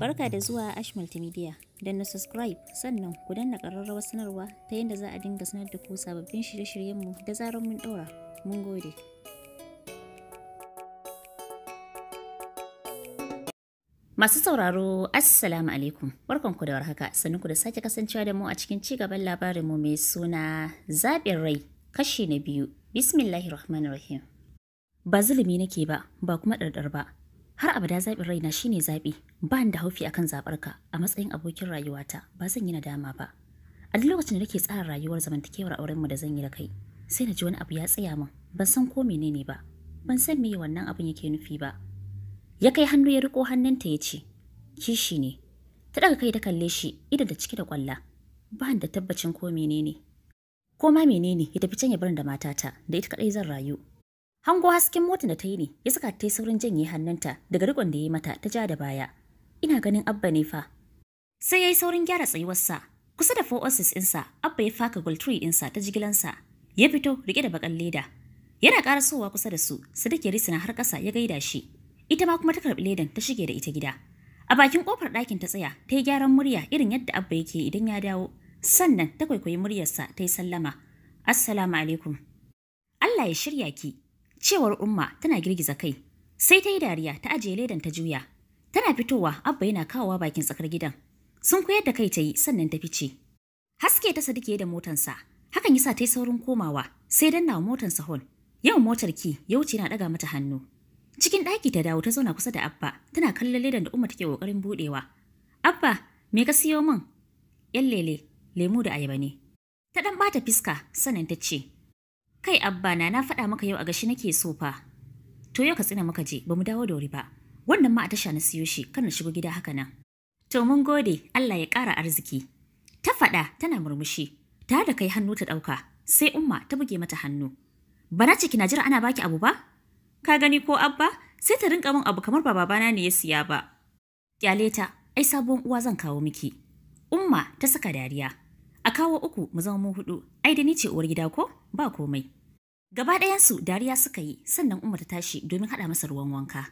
Barka da zuwa Ash Multimedia. Don na subscribe sannan ku danna ƙararrawar sanarwa ta yadda za a dinga sanar da ku sababbin shirye-shiryenmu da zarar mun ɗora. Mun gode. Masu sauraro, Assalamu alaikum. ku da warhaka. Sannu ku da sake kasancewa da mu a cikin ci gaban labarinmu mai suna zaɓin rai kashi na biyu. Bismillahirrahmanirrahim. Ba zulumi nake ba, ba kuma ɗarɗar ba. har abada zaɓin raina shine zaɓi ba ni da haufi akan zaɓarka a matsayin abokin rayuwata ba zan yi nadama ba a duk lokacin da nake tsara rayuwar zamantakewar aurenmu da zan yi da kai sai na ji wani abu ya tsaya min ban san ko menene ba ban san me wannan abin yake nufi ba ya kai hannu ya riko hannunta ya ce kishi ne ta daga kai ta kalle shi idan da cike da kwalla ba da tabbacin ko menene ko ma menene ya tafi can ya bar da matata da ita kadai zan rayu Hango hasken mota da ta yi ne ya saka ta yi saurin janye hannunta daga rikon da ya yi mata ta ja da baya. Ina ganin Abba ne fa. Sai ya yi saurin gyara tsayuwarsa. Kusa da four ɗinsa, Abba ya faka gulturi ɗinsa ta jigilansa. Ya fito riƙe da bakan leda. Yana ƙarasowa kusa da su, Sadiq ya risina har ƙasa ya gaida shi. Ita ma kuma ta karɓi ledan ta shige da ita gida. A bakin ƙofar ɗakin ta tsaya, ta yi gyaran murya irin yadda Abba yake idan ya dawo. Sannan ta kwaikwayi muryarsa ta yi sallama. Assalamu alaikum. Allah ya shirya ki, cewar Umma tana girgiza kai. Sai ta yi dariya ta ajiye ledan ta juya. Tana fitowa Abba yana kawowa bakin tsakar gidan. Sun koyar da kai ta yi sannan ta fice. Haske ta sadike da motansa. Hakan yasa ta yi saurin komawa sai danna motansa hon. Yau motar ki ya wuce na daga mata hannu. Cikin ɗaki ta dawo ta zauna kusa da Abba tana kallon ledan da Umma take kokarin budewa. Abba, me ka siyo min? Yan lele, lemu da ayaba ne. Ta ɗan bata fiska sannan ta ce, Kai abba na na faɗa maka yau a gashi nake so fa. To yau ka tsina muka je, ba mu dawo da wuri ba. Wannan ma a tasha na siyo shi, kan na shigo gida haka nan. To mun gode, Allah ya ƙara arziki. Ta faɗa tana murmushi, ta da kai hannu ta ɗauka, sai umma ta buge mata hannu. Bana ciki na jira ana baki abu ba? Ka gani ko abba? Sai ta rinka min abu kamar ba babana ne ya siya ba. Kyale ai sabon uwa zan kawo miki. Umma ta saka dariya. A kawo uku mu zama mu hudu, ai da ni ce uwar gida ko? Ba komai. Gaba ɗayansu dariya suka yi sannan Umar ta tashi domin haɗa masa ruwan wanka.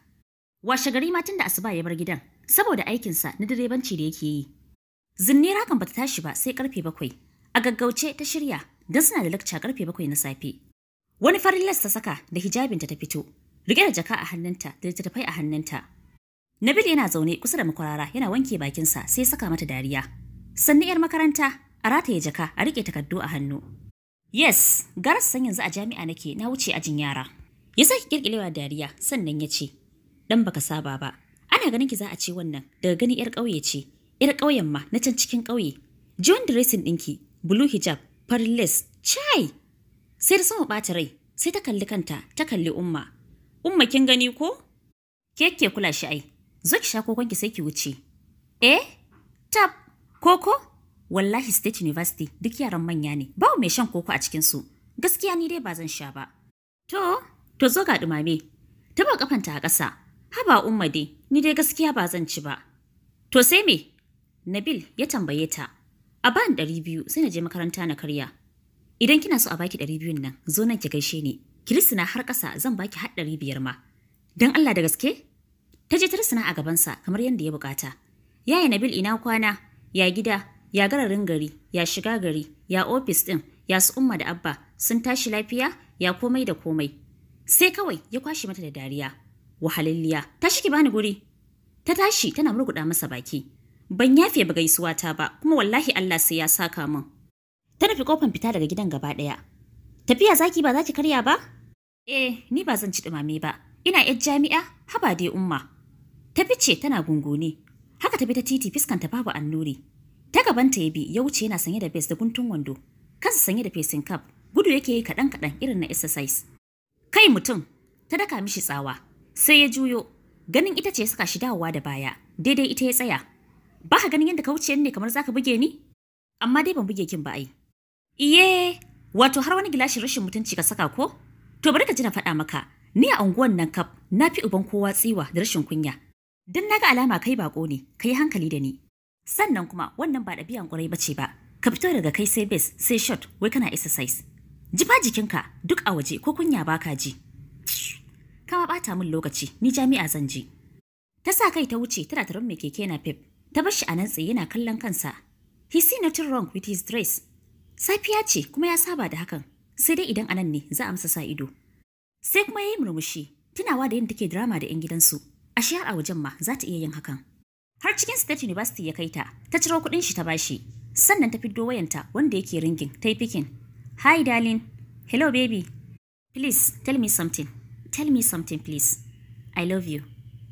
Washe gari ma tun da asuba ya bar gidan saboda aikinsa na direbanci da yake yi. Zinnira kan bata tashi ba sai karfe bakwai. A gaggauce ta shirya don suna da lakca karfe bakwai na safe. Wani farin las ta saka da hijabinta ta fito, Rike da jaka a hannunta da littattafai a hannunta. Nabil yana zaune kusa da makwarara yana wanke bakinsa sai saka mata dariya. Sannan 'yar makaranta a rataye jaka a riƙe takardu a hannu. Yes, garas san yanzu a jami'a nake na wuce ajin yara. Ya sake kirkirewa dariya sannan ya ce, Dan baka saba ba, ana ganin ki za a ce wannan daga gani 'yar ƙauye ce, 'yar ƙauyen ma na can cikin ƙauye. wani dressing ɗinki, blue hijab, farin lace, chai! Sai da sama ɓata rai, sai ta kalli kanta, ta kalli umma. Umma kin gani ko? Ke kula shi ai, zo ki sha ki, sai ki wuce. Eh? Tab, koko? wallahi state university duk yaran manya ne ba mai shan koko a cikin su gaskiya ni dai ba zan sha ba to to zo ga dumame taba kafanta a ƙasa haba umma dai ni dai gaskiya ba zan ci ba to sai me nabil ya tambaye ta a ban ɗari biyu sai na je makaranta na karya idan kina so a baki ɗari biyun nan zo nan ki gaishe ni kirisina har ƙasa zan baki har ɗari biyar ma don allah da gaske ta je ta risina a gabansa kamar yadda ya bukata yaya nabil ina kwana ya gida ya gararin gari ya shiga gari ya ofis ɗin ya su umma da abba sun tashi lafiya ya komai da komai sai kawai ya kwashe mata da dariya wahalalliya tashi ki bani guri ta tashi tana murguda masa baki ban yafe ba gaisuwa ta ba kuma wallahi Allah sai ya saka min ta nufi kofan fita daga gidan gaba ɗaya tafiya zaki ba za ki karya ba eh ni ba zan ci dumame ba ina yar jami'a haba dai umma ta fice tana gungune haka ta tafi ta titi fiskanta babu annuri Ta gabanta ya bi ya wuce yana sanye da bes da guntun wando, kansa sanye da facing cap, gudu yake yi kaɗan kaɗan irin na exercise. Kai mutum, ta daka mishi tsawa, sai ya juyo, ganin ita ce suka shi dawowa da baya, daidai ita ya tsaya. Ba ka ganin yadda ka wuce ne kamar zaka buge ni? Amma dai ban buge kin ba ai. Iye, wato har wani gilashin rashin mutunci ka saka ko? To bari ka ji na faɗa maka, ni a unguwan nan kaf na fi uban kowa tsiwa da rashin kunya. dan na ga alama kai bako ne, ka yi hankali da ni. sannan kuma wannan ba ɗabi'an ƙwarai ce ba ka fito daga kai sai bes sai shot wai kana exercise jifa jikinka duk a waje ko kunya baka ji kawa ɓata min lokaci ni jami'a zan je ta sa kai ta wuce tana taron mai keke na pep ta bar shi a nan tsaye yana kallon kansa he see nothing wrong with his dress safiya ce kuma ya saba da hakan sai dai idan anan ne za a amsa sa ido sai kuma ya yi murmushi tunawa da yin take drama da 'yan gidansu a shiyar a wajen ma za ta iya yin hakan har cikin state university ya kai ta ta ciro kudin shi ta bashi sannan ta fiddo wayanta wanda yake ringin ta yi fikin hi darling hello baby please tell me something tell me something please i love you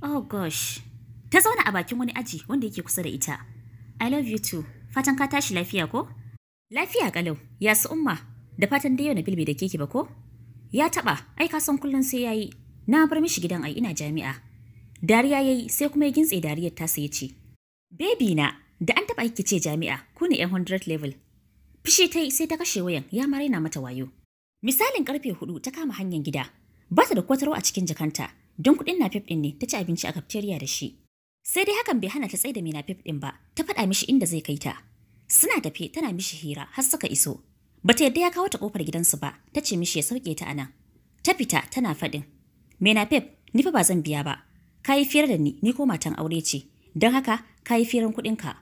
oh gosh ta zauna a bakin wani aji wanda yake kusa da ita i love you too fatan ka tashi lafiya ko lafiya kalau ya su umma da fatan da yau na bilbi da keke ba ko ya taba ai ka san kullun sai yayi na bar mishi gidan ai ina jami'a Dariya ya yi sai kuma ya gintse dariyar tasa ya ce, bebi na, da an taɓa yake ce jami'a, ku ne 'yan hundred level. Fishi ta yi sai ta kashe wayan, ya maraina mata wayo. Misalin karfe hudu ta kama hanyar gida, ba ta da kwatarwa a cikin jakanta, don kuɗin na ɗin ne ta ci abinci a kafteriya da shi. Sai dai hakan bai hana ta tsaida mai na ɗin ba, ta faɗa mishi inda zai kai ta. Suna tafe tana mishi hira har suka iso. Bata yadda ya kawo ta kofar gidansu ba, ta ce mishi ya sauke ta nan. Ta fita tana faɗin. Menafef, ni fa ba zan biya ba, ka yi fiye da ni, ni ko matan aure ce, don haka ka yi Me kuɗinka.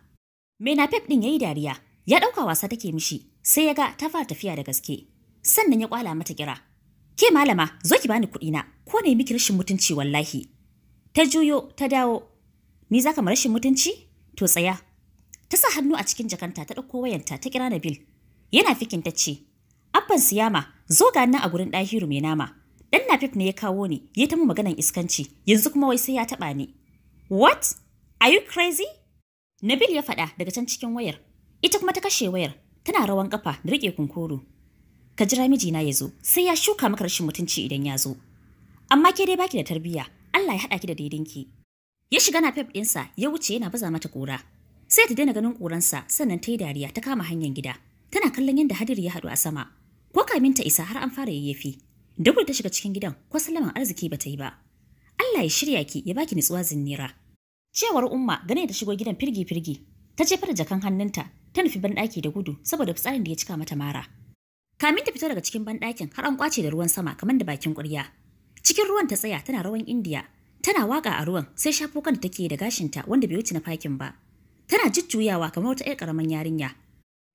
Pep ɗin ya yi dariya, ya ɗauka wasa take mishi, sai ya ga ta fara tafiya da gaske. Sannan ya kwala mata kira. Ke malama, zo ki bani kuɗina, ko ne miki rashin mutunci wallahi. Ta juyo, ta dawo. Ni zaka ka ma rashin mutunci? To tsaya. Ta sa hannu a cikin jakanta ta ɗauko wayanta ta kira bil. Yana fikin ta ce, Abban Siyama, zo ga nan a gurin ɗahiru mai nama. Dan Nafif ne ya kawo ni, ya ta maganan iskanci, yanzu kuma wai sai ya taɓa ni. What? Are you crazy? Nabil ya faɗa daga can cikin wayar. Ita kuma ta kashe wayar, tana rawan kafa da riƙe kunkuru. Ka jira mijina ya zo, sai ya shuka maka rashin mutunci idan ya zo. Amma ke dai baki da tarbiyya, Allah ya haɗa ki da daidinki. Ya shiga na Pep ɗinsa, ya wuce yana baza mata ƙura. Sai ta daina ganin ƙuransa, sannan ta yi dariya ta kama hanyar gida. Tana kallon yadda hadiri ya haɗu a sama. Ko kamin ta isa har an fara yayyafi. Duk da ta shiga cikin gidan, ko salaman arziki bata yi ba. Allah ya shirya ki ya baki nutsuwa zinnira. Cewar Umma gane ta shigo gidan firgi-firgi, ta jefar da jakan hannunta, ta nufi banɗaki da gudu saboda fitsarin da ya cika mata mara. Kamin ta fita daga cikin banɗakin har an kwace da ruwan sama kamar da bakin ƙwarya. Cikin ruwan ta tsaya tana rawan Indiya, tana waka a ruwan sai shafo kanta take da gashinta wanda bai wuce na fakin ba. Tana jujjuyawa kamar wata 'yar ƙaramin yarinya.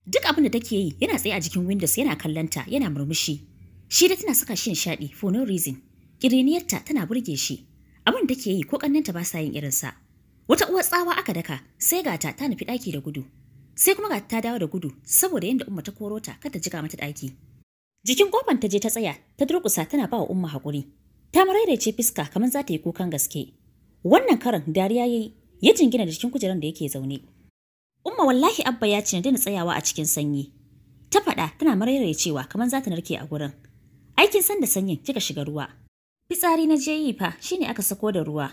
Duk abin da take yi yana tsaye a jikin Windows yana kallonta yana murmushi Shi da tana saka shin nishaɗi for no reason. Ƙiriniyarta tana burge shi. Abin da ke yi ko ƙannenta ba sa yin irinsa. Wata uwar tsawa aka daka sai gata ta nufi ɗaki da gudu. Sai kuma gata ta dawo da gudu saboda yadda Umma ta koro ta kada jiga mata ɗaki. Jikin kofan ta je ta tsaya ta durƙusa tana ba wa Umma haƙuri. Ta maraice fiska kamar za ta yi kukan gaske. Wannan karan dariya ya yi ya jingina da cikin kujeran da yake zaune. Umma wallahi Abba ya ce na daina tsayawa a cikin sanyi. Ta faɗa tana cewa kamar za ta narke a gurin. Aikin sanda sanyin kika shiga ruwa. Fitsari na je yi fa ne aka sako da ruwa.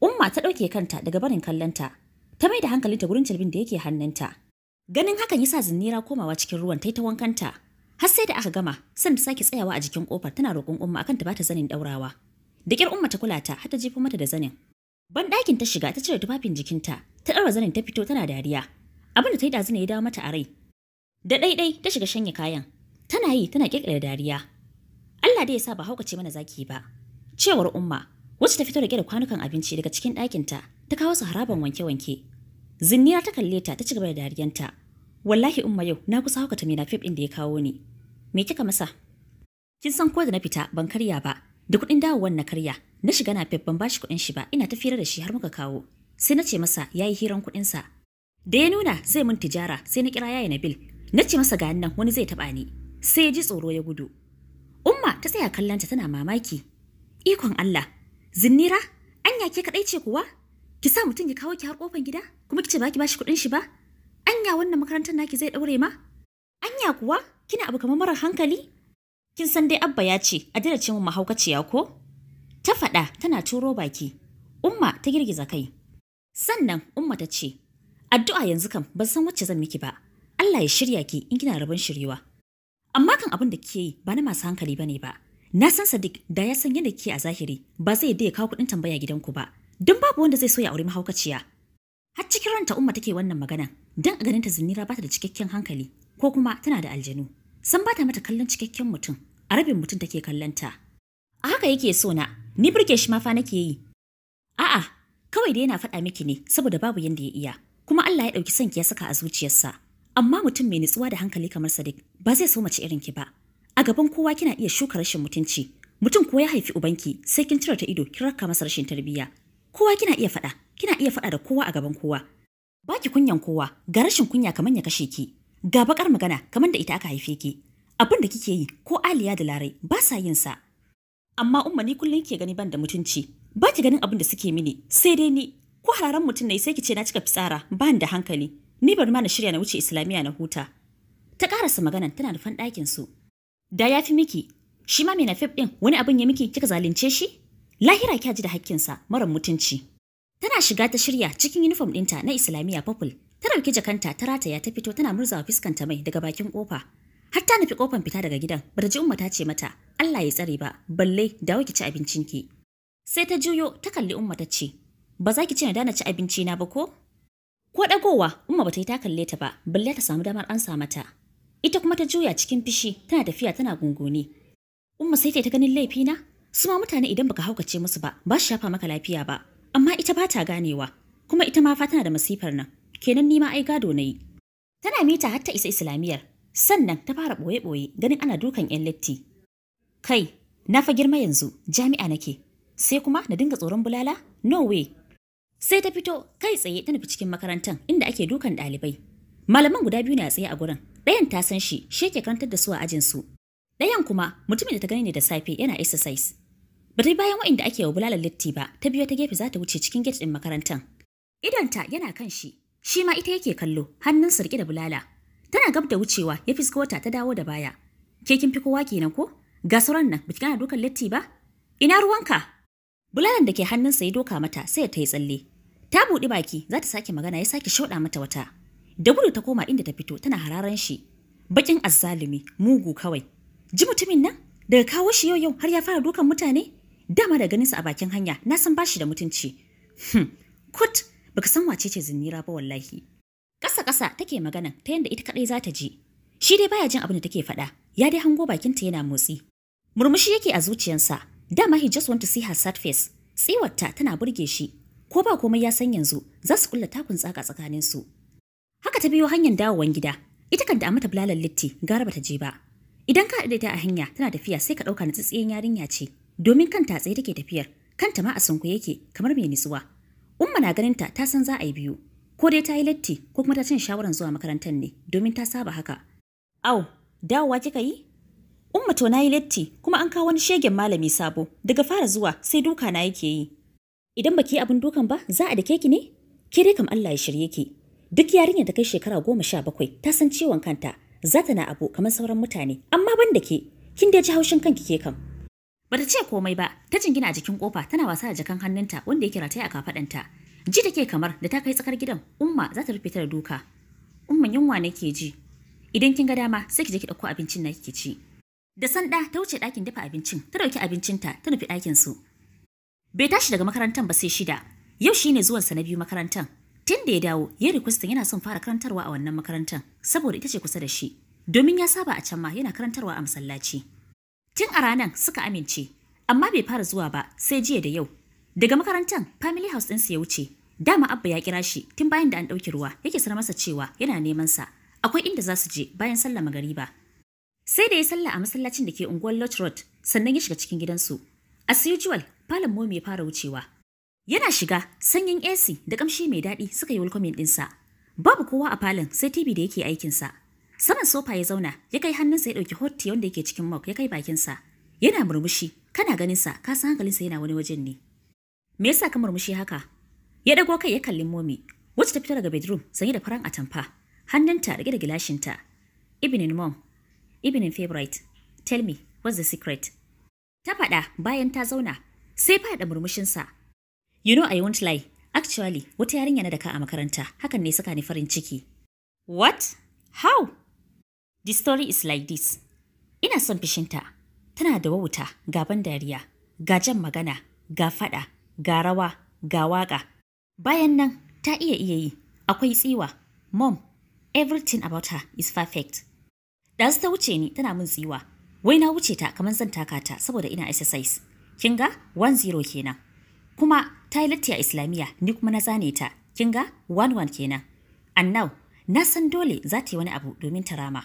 Umma ta ɗauke kanta daga barin kallonta. Ta mai da hankalinta gurin calbin da yake hannunta. Ganin hakan yasa zinnira komawa cikin ruwan ta yi ta wankanta. Har sai da aka gama, san ta sake tsayawa a jikin kofar tana roƙon Umma akan ta bata zanin ɗaurawa. Da ƙyar Umma ta kula ta har ta jefo mata da zanin. Ban ɗakin ta shiga ta cire tufafin jikinta, ta ɗaura zanin ta fito tana dariya. Abin da ta yi dazuna ya dawo mata a rai. Da ɗaiɗai ta shiga shanye kayan. Tana yi tana ƙirƙira dariya. Allah dai ya sa ba haukace mana zaki ba. Cewar Umma, wacce ta fito da da kwanukan abinci daga cikin ɗakinta, ta kawo su haraban wanke-wanke. Zinniya ta kalle ta ta ci gaba da dariyanta. Wallahi Umma yau na kusa haukata mina fef ɗin da ya kawo ni. Me kika masa? Kin san ko da na fita ban karya ba. Da kuɗin dawowar na karya, na shiga nafif ban bashi kuɗin shi ba, ina ta fira da shi har muka kawo. Sai na ce masa ya yayi hiran sa Da ya nuna zai mun tijara sai na kira yayi Nabil. Na ce masa ga nan wani zai taɓa ni. Sai ya ji tsoro ya gudu. Umma ta tsaya kallanta tana mamaki. Ikon Allah, zinnira, anya ke kaɗai ce kuwa? Ki sa mutum ya kawo ki har gida? Kuma ki ce ba ki bashi kuɗin shi ba? Anya wannan makarantar naki zai ɗaure ma? Anya kuwa, kina abu kamar marar hankali? Kin san dai Abba ya ce, a dira ce mu mahaukaciya ko? Ta faɗa tana turo baki. Umma ta girgiza kai. Sannan Umma ta ce, Addu'a yanzu kam ban san wacce zan miki ba. Allah ya shirya ki in kina rabon shiryuwa Amma kan abin da ke yi ba na masu hankali ba ne ba. Na san Sadiq da ya san yadda ke a zahiri ba zai yadda ya kawo kuɗin tambaya gidanku ba. Don babu wanda zai so ya aure mahaukaciya. Har cikin ranta Umma take wannan magana don a ganin ta Zinnira ba ta da cikakken hankali ko kuma tana da aljanu. San ba ta mata kallon cikakken mutum, a rabin mutum take kallon ta. A haka yake so na, ni burge shi ma fa nake yi. A'a, kawai da yana faɗa miki ne saboda babu yanda ya iya, kuma Allah ya ɗauki sanki ya saka a zuciyarsa. Amma mutum mai nutsuwa da hankali kamar Sadiq ba zai so mace irin ki ba. A gaban kowa kina iya shuka rashin mutunci. Mutum ko ya haifi ubanki sai kin cire ta ido kin raka masa rashin tarbiyya. Kowa kina iya faɗa, kina iya faɗa da kowa a gaban kowa. baki kunyan kowa, ga rashin kunya kamar ya kashe ki. Ga bakar magana kamar da ita aka haife ki. Abin da kike yi ko Aliya da Larai ba sa yin sa. Amma umma ni kullun ke gani ban da mutunci. baki ki ganin abin da suke mini, sai dai ni ko hararan mutum ne sai ki ce na cika fitsara, ban da hankali. Ni bari ma na shirya na wuce Islamiyya na huta. Ta karasa magana tana nufan ɗakin su. Da ya fi miki, shi ma mai nafif ɗin wani abin ya miki kika zalunce shi? Lahira kya ji da hakkinsa mara mutunci. Tana shiga ta shirya cikin uniform ɗinta na Islamiyya purple. Ta ɗauki jakanta ta rataya ta fito tana murzawa fuskanta mai daga bakin kofa Har ta nufi ƙofan fita daga gidan, bata ji umma ta ce mata, Allah ya tsare ba, balle dawo ki ci abincinki. Sai ta juyo ta kalli umma ta ce, ba za ki ce na dana ci abinci na ba ko? Ko ɗagowa Umma bata yi ta kalle ta ba, balle ta samu damar ansa mata. Ita kuma ta juya cikin fishi tana tafiya tana gungune Umma sai ta ganin laifi na? Su ma mutane idan baka haukace musu ba, ba su shafa maka lafiya ba. Amma ita ba ta ganewa, kuma ita ma fa tana da masifar nan. Kenan nima ma ai gado na yi. Tana mita har ta isa Islamiyar, sannan ta fara ɓoye-ɓoye ganin ana dukan 'yan latti. Kai, na fa girma yanzu, jami'a nake, sai kuma na dinga tsoron bulala? No way, Sai ta fito kai tsaye ta nufi cikin makarantar inda ake dukan ɗalibai. Malaman guda biyu ne a tsaye a gurin. Ɗayan ta san shi, shi yake karantar da su a ajin su. Ɗayan kuma mutumin da ta gani ne da safe yana exercise. Ba ta bayan waɗanda ake wa bulalar litti ba, ta biyo ta gefe za ta wuce cikin gate ɗin makarantar. Idanta yana kan shi, shi ma ita yake kallo, hannun riƙe da bulala. Tana gab da wucewa ya wata ta dawo da baya. Ke kin fi kowa kenan ko? Ga sauran nan, ki kana dukan litti ba? Ina ruwanka? Bulalan da ke hannunsa ya doka mata sai ta yi tsalle. Ta buɗe baki za ta sake magana ya sake shauɗa mata wata. Da gudu ta koma inda ta fito tana hararan shi. Bakin azzalumi mugu kawai. Ji mutumin nan daga kawo shi yau yau har ya fara dukan mutane? Dama da ganinsa a bakin hanya na san bashi da mutunci. Hmm, kut baka san wace ce zinnira ba wallahi. Ƙasa ƙasa take magana ta yadda ita kaɗai za ta ji. Shi dai baya jin abin da take faɗa, ya dai hango bakin ta yana motsi. Murmushi yake a zuciyarsa, dama he just want to see her sad face. Tsiwarta tana burge shi, ko ba komai ya san yanzu za su kulla takun tsaka tsakanin su. Haka ta biyo hanyar dawowan gida, ita kanta a mata bulalar litti gara bata je ba. Idan ka haɗe ta a hanya tana tafiya sai ka ɗauka na tsitsiyen yarinya ce, domin kanta tsaye take tafiyar, kanta ma a sunku yake kamar mai nutsuwa. Umma na ganinta ta san za a yi biyu, ko dai ta yi latti ko kuma ta cin shawaran zuwa makarantar ne domin ta saba haka. Au, dawowa kika yi? Umma to na yi latti kuma an kawo wani shegen malami sabo daga fara zuwa sai duka na yake yi. idan baki abin dukan ba za a dake ki ne ki dai kam Allah ya shirye ki duk yarinyar da kai shekara goma sha bakwai ta san ciwon kanta za ta na abu kamar sauran mutane amma ban da ke kin da ji haushin kanki ke kam bata ce komai ba ta jingina a jikin kofa tana wasa da jakan hannunta wanda ya rataya a kafadanta ji take kamar da ta kai tsakar gidan umma za ta rufe ta da duka umman yunwa ne ke ji idan kin ga dama sai ki je ki dauko abincin na kike ci da sanda ta wuce dakin dafa abincin ta ɗauki abincinta ta nufi dakin su Bai tashi daga makarantar ba sai shida. Yau shi ne zuwansa na biyu makarantar. Tun da ya dawo, ya requestin yana son fara karantarwa a wannan makarantar saboda ita ce kusa da shi. Domin ya saba a can ma yana karantarwa a masallaci. Tun a ranar suka amince, amma bai fara zuwa ba sai jiya da yau. Daga makarantar, family house ɗinsu ya wuce. Dama Abba ya kira shi tun bayan da an ɗauki ruwa yake sanar masa cewa yana neman sa. Akwai inda za su je bayan sallah magariba. Sai da ya sallah a masallacin da ke unguwar Lodge Road sannan ya shiga cikin gidansu. As usual, falon momi ya fara wucewa. Yana shiga sanyin AC da kamshi mai daɗi suka yi welcoming ɗinsa. Babu kowa a falon sai TV da yake aikinsa. Saman sofa ya zauna ya kai hannunsa ya ɗauki hot wanda yake cikin mok ya kai bakinsa. Yana murmushi kana ganinsa ka san hankalinsa yana wani wajen ne. Me yasa ka murmushi haka? Ya ɗago kai ya kalli momi wacce ta fita daga bedroom sanye da faran atamfa. Hannunta rike da gilashinta. Evening mom. Evening favorite. Tell me what's the secret? Ta faɗa bayan ta zauna Sai faɗa murmushinsa. You know I won't lie. Actually, wata yarinya na da ka a makaranta, hakan ne saka ni farin ciki. What? How? The story is like this. Ina son fishinta. Tana da wauta, ga ban dariya, ga jan magana, ga faɗa, ga rawa, ga waƙa. Bayan nan, ta iya iya yi, akwai tsiwa. Mom, everything about her is perfect. Da su ta wuce ni tana min tsiwa. Wai na wuce ta kamar zan taka ta saboda ina exercise. kin ga 10 kenan kuma ta yi a islamiyya ni kuma na zane ta kin ga 11 kenan and now na san dole za ta yi wani abu domin ta rama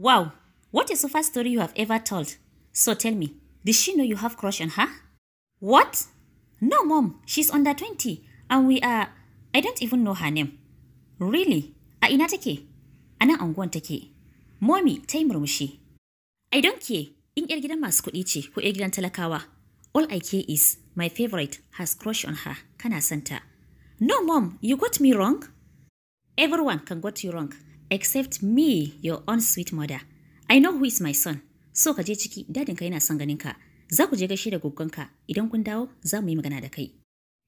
wow what is the first story you have ever told so tell me did she know you have crush on her what no mom she's under 20 and we are i don't even know her name really a ina take a nan anguwan take mommy ta yi murmushi i don't care in 'yar gidan masu kuɗi ce ko 'yar gidan talakawa All I care is my favorite has crush on her. Kana santa. No, mom, you got me wrong. Everyone can got you wrong, except me, your own sweet mother. I know who is my son. So ka je ciki, dadinka yana son ganinka. Za ku je gaishe da goggonka. Idan kun dawo, za mu yi magana da kai.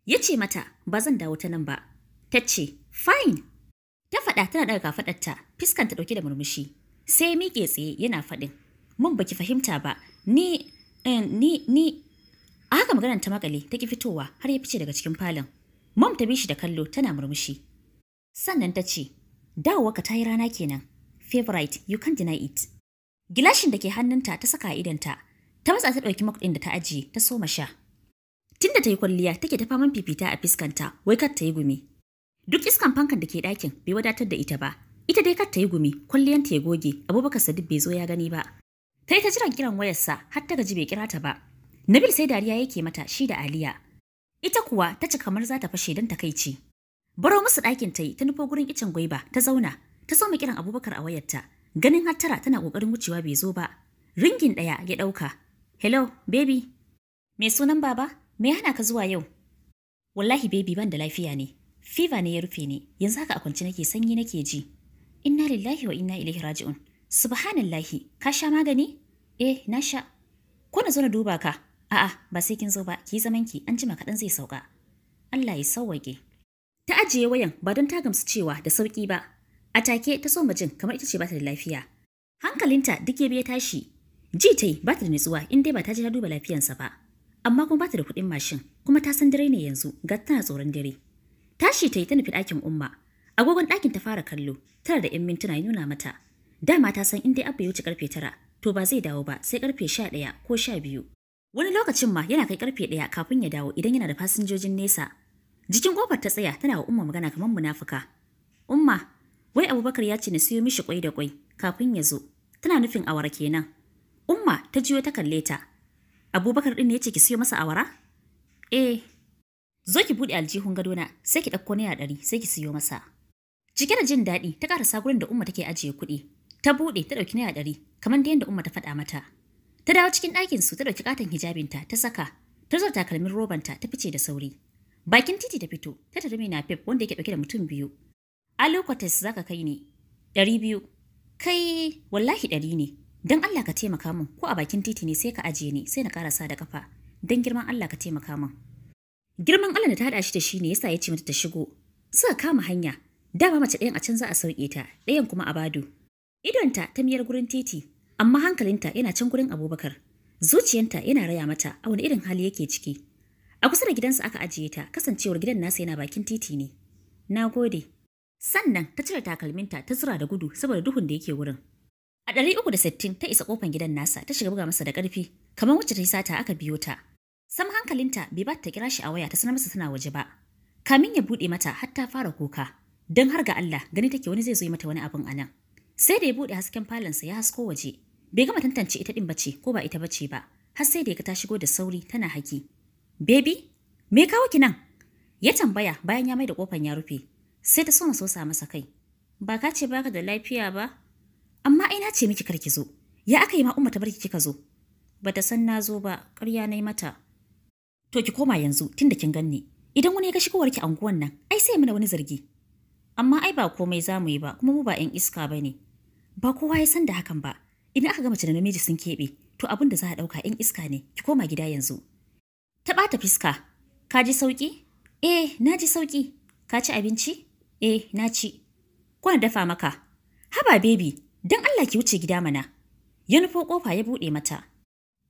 Ya ce mata, ba zan dawo ta nan ba. Ta ce, fine. Ta faɗa tana daga kafaɗarta, fiskanta ɗauke da murmushi. Sai miƙe tsaye yana faɗin, mun baki fahimta ba, ni, eh, ni, ni, A haka maganar ta makale ta ki fitowa har ya fice daga cikin falon. Mom ta bi shi da kallo tana murmushi. Sannan ta ce, dawowa ta tayi rana kenan. Favorite, you can't deny it. Gilashin da ke hannunta ta saka a idanta, ta matsa ta ɗauki mak ɗin da ta ajiye ta soma sha. Tunda ta yi kwalliya take ta faman fifita a fiskanta, wai kar ta yi gumi. Duk iskan fankan da ke ɗakin bai wadatar da ita ba, ita dai kar ta yi gumi, ta ya goge, Abubakar Sadiq bai zo ya gani ba. Ta yi ta jiran kiran wayarsa har ta gaji bai kira ta ba, Nabil sai dariya yake mata shi da Aliya. Ita kuwa ta ci kamar za ta fashe don takaici. Baro musu ɗakin ta yi ta nufo gurin icen gwaiba ta zauna ta so mu kiran Abubakar a wayarta. Ganin hattara tana ƙoƙarin wucewa bai zo ba. Ringin ɗaya ya ɗauka. Hello, baby. Me sunan baba? Me hana ka zuwa yau? Wallahi baby ban da lafiya ne. Fiva ne ya rufe ni. Yanzu haka a kwance nake sanyi nake ji. Inna lillahi wa inna ilaihi raji'un. Subhanallahi, ka sha magani? Eh, na sha. Ko na zo na duba ka? A'a, ba sai kin zo ba, ki zaman ki, an jima kaɗan zai sauka. Allah ya sauwage. Ta ajiye wayan ba don ta gamsu cewa da sauƙi ba. A take ta so majin kamar ita ce ba ta da lafiya. Hankalinta duk ya biya tashi. Ji ta yi ba ta da nutsuwa in dai ba ta ji ta duba lafiyansa ba. Amma kuma ba ta da kuɗin mashin, kuma ta san dare ne yanzu, ga tana tsoron dare. Tashi ta yi ta nufi ɗakin umma. Agogon ɗakin ta fara kallo, tana da ‘yan mintuna ya nuna mata. Dama ta san in dai abu ya wuce karfe tara, to ba zai dawo ba sai karfe sha ɗaya ko sha biyu. Wani lokacin ma yana kai karfe daya kafin ya dawo idan yana da fasinjojin nesa. Jikin kofar ta tsaya tana wa Umma magana kamar munafuka. Umma, wai Abubakar ya ce na siyo mishi kwai da kwai kafin ya zo. Tana nufin awara kenan. Umma ta jiyo ta kalle ta. Abubakar din ne ya ce ki siyo masa awara? Eh. Zo ki buɗe aljihun gadona sai ki ɗauko naira ɗari sai ki siyo masa. Cike da jin daɗi ta ƙarasa gurin da Umma take ajiye kuɗi. Ta buɗe ta ɗauki naira ɗari kamar da yadda Umma ta faɗa mata. Ta dawo cikin ɗakin su ta ɗauki katon hijabinta ta saka, ta zo takalmin robanta ta fice da sauri. Bakin titi ta fito, ta tare mai nafif wanda yake ɗauke da mutum biyu. A lokacin za ka kai ni. ɗari biyu. Kai wallahi ɗari ne, don Allah ka taimaka min ko a bakin titi ne sai ka ajiye ni sai na karasa da kafa, don girman Allah ka taimaka min. Girman Allah da ta haɗa shi da shi ne yasa ya ce mata ta shigo. Suka kama hanya, dama mace ɗayan a can za a sauke ta, ɗayan kuma a bado. Idonta ta miyar gurin titi, amma hankalinta yana can gurin Abubakar. Zuciyanta yana raya mata a wani irin hali yake ciki. A kusa da gidansa aka ajiye ta, kasancewar gidan nasa yana bakin titi ne. Na gode. Sannan ta cire takalminta ta zura da gudu saboda duhun da yake wurin. A ɗari uku da sittin ta isa kofan gidan nasa ta shiga buga masa da ƙarfi, kamar wacce ta yi sata aka biyo ta. Sam hankalinta bai ba ta kira shi a waya ta sanar masa tana waje ba. Kamin ya buɗe mata har ta fara kuka, don har ga Allah gani take wani zai zo mata wani abin a nan. Sai da ya buɗe hasken falonsa ya hasko waje, Bai gama tantance ita din bace ko ba ita bace ba, har sai da ya ta shigo da sauri tana haki. Baby, me kawo ki nan? Ya tambaya bayan ya mai da kofan ya rufe. Sai ta so sosa masa kai. Ba ka ce baka da lafiya ba? Amma ai na ce miki kar ki zo. Ya aka yi ma Umma ta barki kika zo. Bata san na zo ba, ƙarya na mata. To ki koma yanzu tunda kin ganni. Idan wani ya ga ki anguwan nan, ai sai mana wani zargi. Amma ai ba komai za mu yi ba, kuma mu ba 'yan iska ba ne. Ba kowa ya san da hakan ba. Idan aka ga mace da namiji sun keɓe, to abin da za a ɗauka in iska ne, ki koma gida yanzu. Ta ɓata fiska, ka ji sauƙi? Eh, na ji sauƙi. Ka ci abinci? Eh, na ci. Ko na dafa maka? Haba bebi, dan Allah ki wuce gida mana. Ya nufo kofa ya buɗe mata.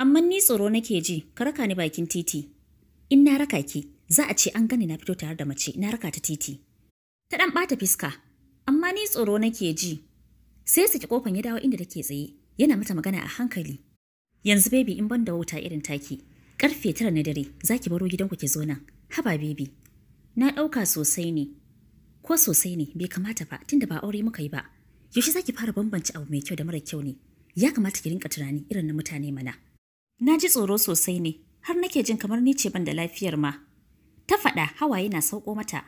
Amma ni tsoro nake ji, ka raka ni bakin titi. In na raka ki, za a ce an gani na fito tare da mace, na raka ta titi. Ta ɗan ɓata fiska, amma ni tsoro nake ji. Sai saki kofan ya dawo inda take tsaye. yana mata magana a hankali. Yanzu baby in ban da wuta irin taki, karfe tara na dare za ki baro gidanku ki zo nan. Haba baby, na ɗauka sosai ne. Ko sosai ne bai kamata ba tunda ba aure muka yi ba. Yaushe za ki fara bambance abu mai kyau da mara kyau ne. Ya kamata ki rinka tunani irin na mutane mana. Na ji tsoro sosai ne, har nake jin kamar ni ce ban da lafiyar ma. Ta faɗa hawaye na sauko mata.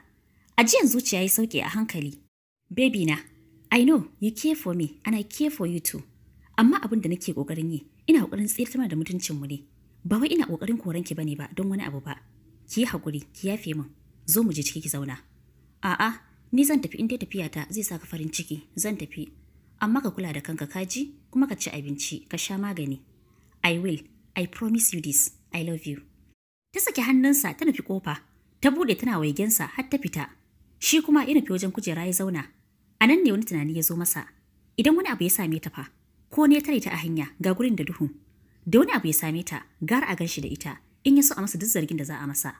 Ajiyan zuciya ya sauke a hankali. Baby na, I know you care for me and I care for you too. amma abin da nake kokarin yi ina kokarin tsirtama da mutuncin mu ne ba wai ina kokarin koran ki bane ba don wani abu ba ki hakuri ki yafe min zo mu je ciki ki zauna a'a ni zan tafi in dai tafiya ta zai saka farin ciki zan tafi amma ka kula da kanka kaji kuma ka ci abinci ka sha magani i will i promise you this i love you ta saki hannunsa ta nufi kofa ta bude tana waigensa har ta fita shi kuma ya fi wajen kujera ya zauna a nan ne wani tunani ya zo masa idan wani abu ya same ta fa ko ne tare ta a hanya ga gurin da duhu da wani abu ya same ta gara a ganshi da ita in ya so a masa duk zargin da za a masa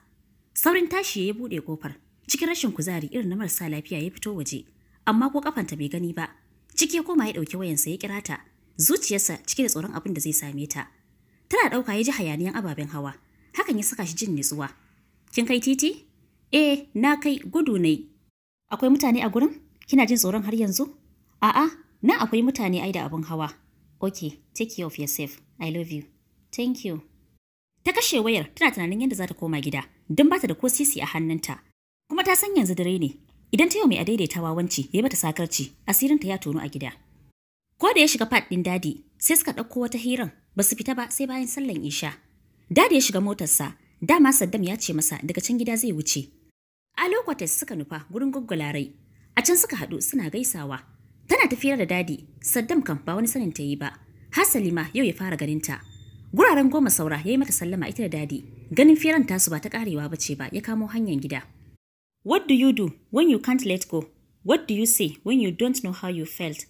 saurin tashi ya buɗe kofar cikin rashin kuzari irin na marasa lafiya ya fito waje amma ko kafanta bai gani ba ciki ya koma ya ɗauki wayansa ya kira ta zuciyarsa cike da tsoron abin da zai same ta tana ɗauka ya ji hayaniyan ababen hawa hakan ya saka shi jin nutsuwa kin kai titi eh na kai gudu ne akwai mutane a gurin kina jin tsoron har yanzu a'a Na akwai mutane ai da abin hawa. Okay, take care of yourself. I love you. Thank you. Ta kashe wayar tana tunanin yadda za ta koma gida don ba ta da ko sisi a hannunta. Kuma ta san yanzu dare ne. Idan ta yau mai a daidaita wawanci ya bata sakarci, asirinta ya tono a gida. Ko da ya shiga fat ɗin dadi, sai suka ɗauko wata hiran, ba su fita ba sai bayan sallan isha. Dadi ya shiga motarsa, dama Saddam ya ce masa daga can gida zai wuce. A lokacin suka nufa gurin gwaggwalarai, a can suka haɗu suna gaisawa, Tana tafiyar da dadi, Saddam kan ba wani sanin ta yi ba. Hasali Salima yau ya fara ganin ta Guraren goma saura ya yi mata sallama ita da dadi. Ganin firan tasu ba ta karewa ba ce ba ya kamo hanyar gida. What do you do when you can't let go? What do you say when you don't know how you felt?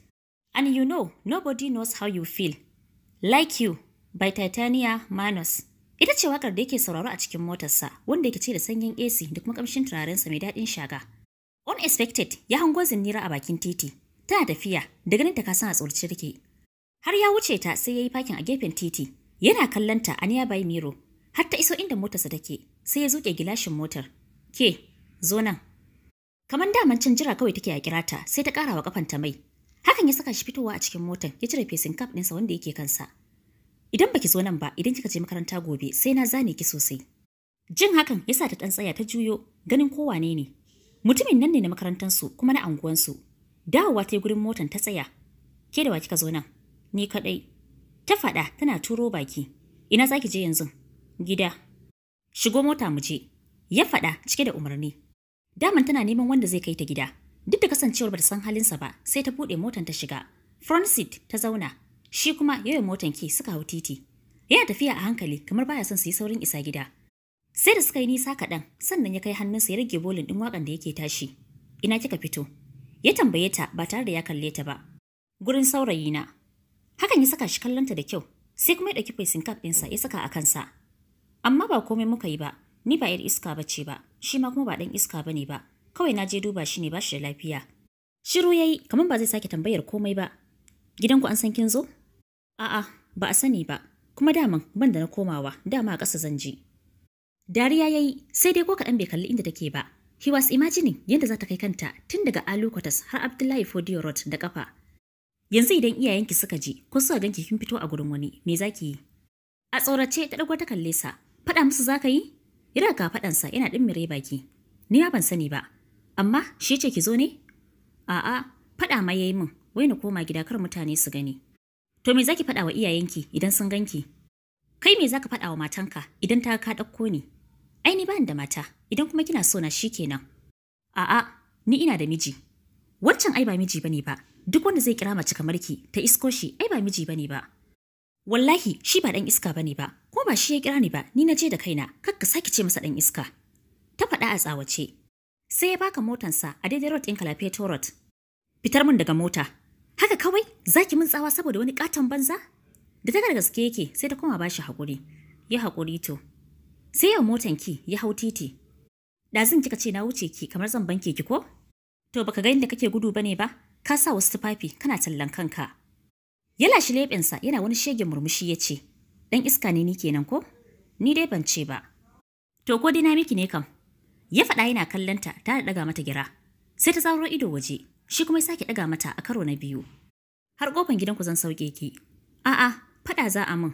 And you know nobody knows how you feel. Like You by Titania Manos. Ita ce wakar da yake sauraro a cikin motarsa wanda yake ce da sanyin AC da kuma kamshin turarensa mai daɗin shaga. Unexpected ya hango zinnira a bakin titi Tana tafiya, da ganin ta kasan a tsorci rike. Har ya wuce ta sai ya yi fakin a gefen titi. Yana kallon ta ya Bai miro. Har ta iso inda motarsa take, sai ya zuke gilashin motar. Ke, zo nan. Kamar daman can jira kawai take a kira ta, sai ta ƙara wa kafanta mai. Hakan ya saka shi fitowa a cikin motar, ya cire facing cap ɗinsa wanda yake kansa. Idan baki zo nan ba, idan kika je makaranta gobe, sai na zane ki sosai. Jin hakan ya sa ta ɗan tsaya ta juyo, ganin kowane ne. Mutumin nan ne na makarantar su kuma na su. dawowa ta gurin motan ta tsaya ke da wa kika zo nan ni kaɗai ta faɗa tana turo baki ina za ki je yanzu gida shigo mota mu je ya faɗa cike da umarni daman tana neman wanda zai kai ta gida duk da kasancewar bata san halinsa ba sai ta buɗe motan ta shiga front seat ta zauna shi kuma yayin motan ki suka hau titi yana tafiya a hankali kamar baya son su yi saurin isa gida sai da suka yi nisa kaɗan sannan ya kai hannunsa ya rage bolin ɗin waƙan da yake tashi ina kika fito Ya tambaye ta ba tare da ya kalle ta ba. Gurin saurayi na. Hakan ya saka shi kallonta da kyau, sai kuma ya ɗauki facing cap ɗinsa ya saka a kansa. Amma ba komai muka yi ba, ni ba ‘yar iska ba ce ba, shi ma kuma ba ɗan iska ba ne ba, kawai na je duba shi ne ba shi da lafiya. Shiru ya yi, kamar ba zai sake tambayar komai ba. Gidan ku an san kin zo? A'a, ba a sani ba, kuma daman ban da na komawa, dama a ƙasa zan je. Dariya ya yi, sai dai ko kaɗan bai kalli inda take ba, He was imagining yadda za ta kai kanta tun daga Alu kwatas, har Abdullahi Fodio Road da kafa. Yanzu idan iyayenki suka ji ko suka ganki kin fito a gurin wani, me za ki yi? A tsorace ta dago ta kalle sa, faɗa musu za ka yi? Yana ka sa yana ɗin mire baki. Ni ma ban sani ba, amma shi ce ki zo ne? A'a, faɗa ma yayi min, wai na koma gida kar mutane su gani. To me za ki faɗa wa iyayenki idan sun ganki? Kai me za ka faɗa wa matanka idan ta ka ɗauko ne? Ai ni bani da mata, idan kuma kina so na kenan. A'a, ni ina da miji. Wancan ai ba miji bane ba. Duk wanda zai kira mace kamar ki ta isko shi ai ba miji bane ba. Wallahi shi ba dan iska bane ba, ko ba shi ya kira ni ba, ni na je da kaina, kar ka sake ce masa dan iska. Ta faɗa a tsawace. Sai ya baka sa a daidai road din Kalafeto Road. Fitar mun daga mota. Haka kawai zaki mun tsawa saboda wani katon banza? Da ta gaske yake sai ta koma bashi hakuri. Ya hakuri to. Sai yau motan ki ya hau titi. Da zan kika ce na wuce ki kamar zan banke ki ko? To baka ga inda kake gudu bane ba? Ka sa wasu tufafi kana tallan kanka. Ya lashi leɓensa yana wani shege murmushi ya ce, Dan iska ne ni kenan ko? Ni dai ban ce ba. To ko dai na miki ne kam? Ya faɗa yana kallonta ta da ɗaga mata gira. Sai ta zaro ido waje, shi kuma ya sake ɗaga mata a karo na biyu. Har ƙofan ku zan sauke ki. A'a, faɗa za a min,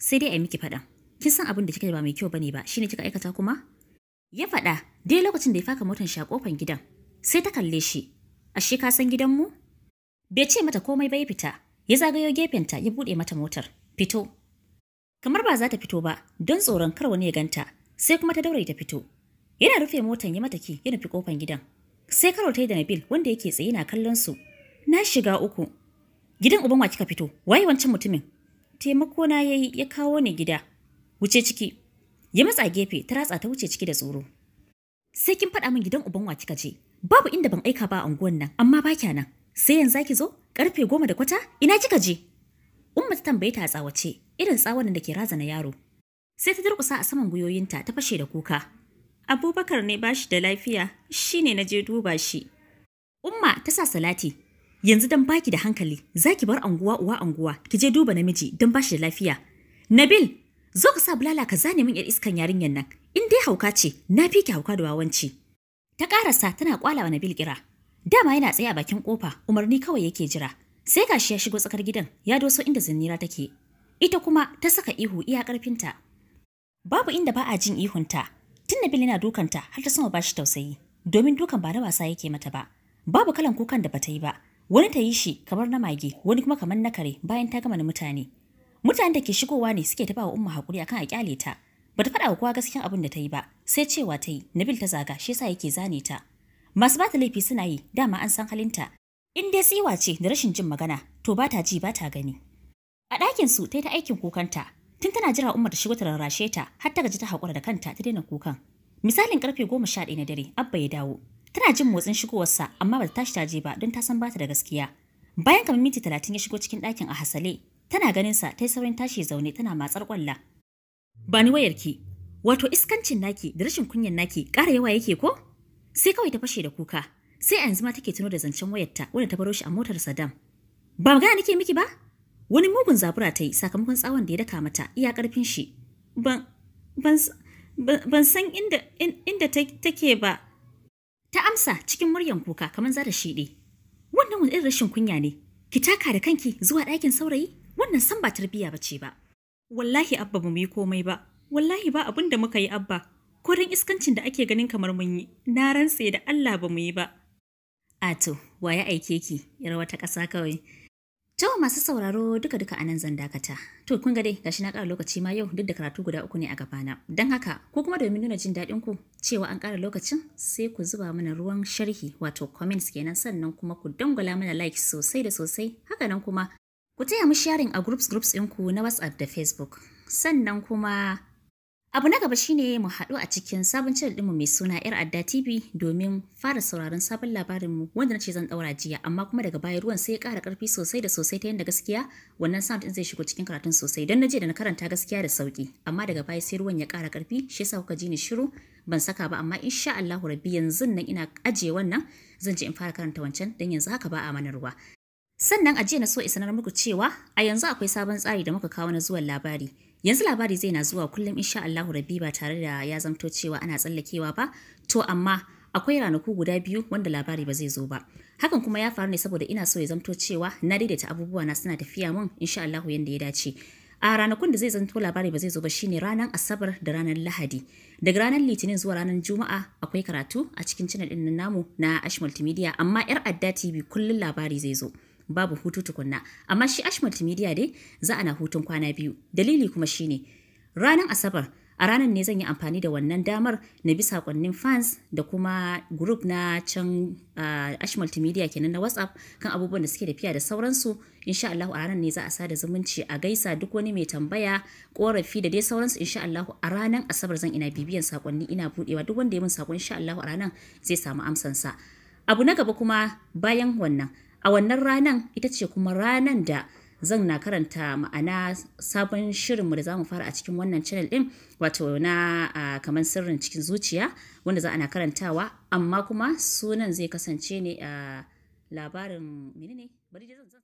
sai dai a yi miki faɗan. kin san abin da kika ba mai kyau bane ba shine kika aikata kuma ya faɗa dai lokacin da ya faka motar shi kofan gidan sai ta kalle shi ashe ka san gidan mu? bai ce mata komai ba ya fita ya zagayo gefenta ya buɗe mata motar fito kamar ba za ta fito ba don tsoron kar wani ya ganta sai kuma ta daure ta fito yana rufe motar ya mata ki ya nufi kofan gidan sai karo ta yi da Nabil wanda yake tsaye na kallon su na shiga uku gidan uban wa kika fito waye wancan mutumin taimako na yayi ya kawo ni gida Wuce ciki. Ya matsa gefe ta ratsa ta wuce ciki da tsoro. Sai kin faɗa min gidan uban wa kika je. Babu inda ban aika ba a unguwan nan, amma ba kya nan. Sai yanzu ki zo? Karfe goma da kwata? Ina kika je? Umma ta tambaye ta tsawace, irin tsawon da ke razana yaro. Sai ta durƙusa a saman gwiwoyinta ta fashe da kuka. Abubakar ne bashi da lafiya, shi ne na je duba shi. Umma ta sa salati, yanzu dan baki da hankali, za ki bar anguwa uwa anguwa, ki je duba namiji dan bashi da lafiya. Nabil Zo ka sa bulala ka zane min yar iskan yarinyar nan. In dai hauka ce, na fi ki hauka da wawanci. Ta karasa tana kwalawa Nabil kira. Dama yana tsaye a bakin kofa, umarni kawai yake jira. Sai gashi ya shigo tsakar gidan, ya doso inda Zinnira take. Ita kuma ta saka ihu iya karfinta. Babu inda ba a jin ihunta. Tun Nabil yana dukanta har ta sama bashi tausayi, domin dukan ba na wasa yake mata ba. Babu kalan kukan da bata yi ba. Wani ta yi shi kamar na mage, wani kuma kamar na kare bayan ta gama na mutane. Mutanen da ke shigowa ne suke ta wa Umma hakuri akan a kyale ta. Bata faɗa wa kowa gaskiyan abin da ta yi ba, sai cewa ta yi, Nabil ta zaga, shi yasa yake zane ta. Masu bata laifi suna yi, dama an san halinta. In dai tsiwa ce da rashin jin magana, to ba ta ji ba ta gani. A ɗakin su ta yi ta aikin kukanta, tun tana jira Umma ta shigo ta rarrashe ta, har ta gaji ta haƙura da kanta ta daina kukan. Misalin karfe goma sha ɗaya na dare, Abba ya dawo. Tana jin motsin shigowarsa, amma bata tashi ta je ba don ta san bata da gaskiya. Bayan kamar minti talatin ya shigo cikin ɗakin a hasale, Tana ganin sa ta yi saurin tashi zaune tana matsar kwalla. Ba ni wayarki, wato iskancin naki da rashin kunyan naki ƙara yawa yake ko? Sai kawai ta fashe da kuka, sai a yanzu ma take tuno da zancen wayarta wanda ta baro shi a motar Saddam. Ba magana nake miki ba? Wani mugun zabura ta yi sakamakon tsawon da ya daka mata iya ƙarfin shi. Ban, ban, ban san inda, inda take ba. Ta amsa cikin muryan kuka kamar za ta shiɗe. Wannan wani irin rashin kunya ne. Ki taka da kanki zuwa ɗakin saurayi? wannan san ba tarbiyya ba ce ba wallahi abba ba mu yi komai ba wallahi ba abin da muka yi abba don iskancin da ake ganin kamar mun yi na rantse da Allah ba mu yi ba ato ya aike ki yar wata ƙasa kawai to masu sauraro duka duka anan zan dakata to kun ga dai gashi na ƙara lokaci ma yau duk da karatu guda uku ne a gabana don haka ko kuma domin nuna jin daɗin ku cewa an ƙara lokacin sai ku zuba mana ruwan sharhi wato comments kenan sannan kuma ku dangwala mana like sosai da sosai haka nan kuma Ku taya mu sharing a groups groups ɗinku na WhatsApp da Facebook. Sannan kuma abu na gaba shine mu haɗu a cikin sabon channel ɗinmu mai suna 'yar adda TV domin fara sauraron sabon labarinmu wanda na ce zan ɗaura jiya amma kuma daga baya ruwan sai ya ƙara ƙarfi sosai da sosai ta yanda gaskiya wannan sound ɗin zai shigo cikin karatun sosai don na je da na karanta gaskiya da sauki amma daga baya sai ruwan ya ƙara ƙarfi shi yasa kuka ji ni shiru ban saka ba amma insha Allahu rabbi yanzu nan ina ajiye wannan zan je in fara karanta wancan don yanzu haka ba a mana ruwa Sannan a jiya na so isa sanar muku cewa a yanzu akwai sabon tsari da muka kawo na zuwan labari. Yanzu labari zai na zuwa kullum insha Allahu Rabbi ba tare da ya zamto cewa ana tsallakewa ba, to amma akwai ranaku guda biyu wanda labari ba zai zo ba. Hakan kuma ya faru ne saboda ina so ya zamto cewa na daidaita abubuwa na suna tafiya mun insha Allahu yanda ya dace. A ranakun da zai zanto labari ba zai zo ba shine ranar Asabar da ranar Lahadi. Daga ranar Litinin zuwa ranar Juma'a akwai karatu a cikin channel din namu na Ash Multimedia amma yar Adda TV kullun labari zai zo. babu hutu tukunna amma shi ash multimedia dai za ana hutun kwana biyu dalili kuma shine ranan asabar a ranan ne zan yi amfani da wannan damar na bi sakonnin fans da kuma group na can uh, ash multimedia kenan na whatsapp kan abubuwan da suke tafiya da sauransu insha Allah a ranan ne za a sada zumunci a gaisa duk wani mai tambaya korafi da dai sauransu insha Allah a ranan asabar zan ina bibiyan sakonni ina budewa duk wanda ya min sakon insha Allah a ranan zai samu amsansa abu na gaba kuma bayan wannan A wannan ranan ita ce kuma ranan da zan na karanta ma'ana sabon shirinmu da za mu fara a cikin wannan channel din wato na kamar sirrin cikin zuciya wanda za ana karantawa amma kuma sunan zai kasance ne a labarin menene bari zan